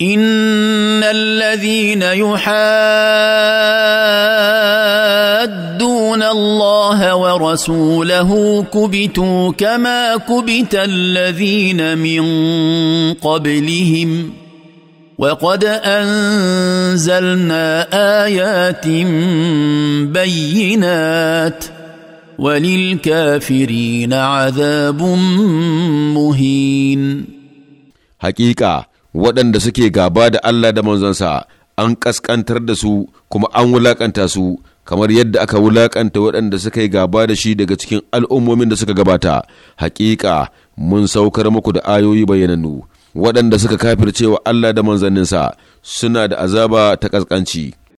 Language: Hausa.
ان الذين يحادون الله ورسوله كبتوا كما كبت الذين من قبلهم وقد انزلنا ايات بينات وللكافرين عذاب مهين حقيقه waɗanda suke gaba da Allah da manzansa an ƙasƙantar da su kuma an wulaƙanta su kamar yadda aka wulaƙanta waɗanda suka yi gaba da shi daga cikin al'ummomin da suka gabata haƙiƙa mun saukar muku da ayoyi bayyanannu waɗanda suka kafircewa Allah da manzanninsa suna da azaba ta ƙasƙanci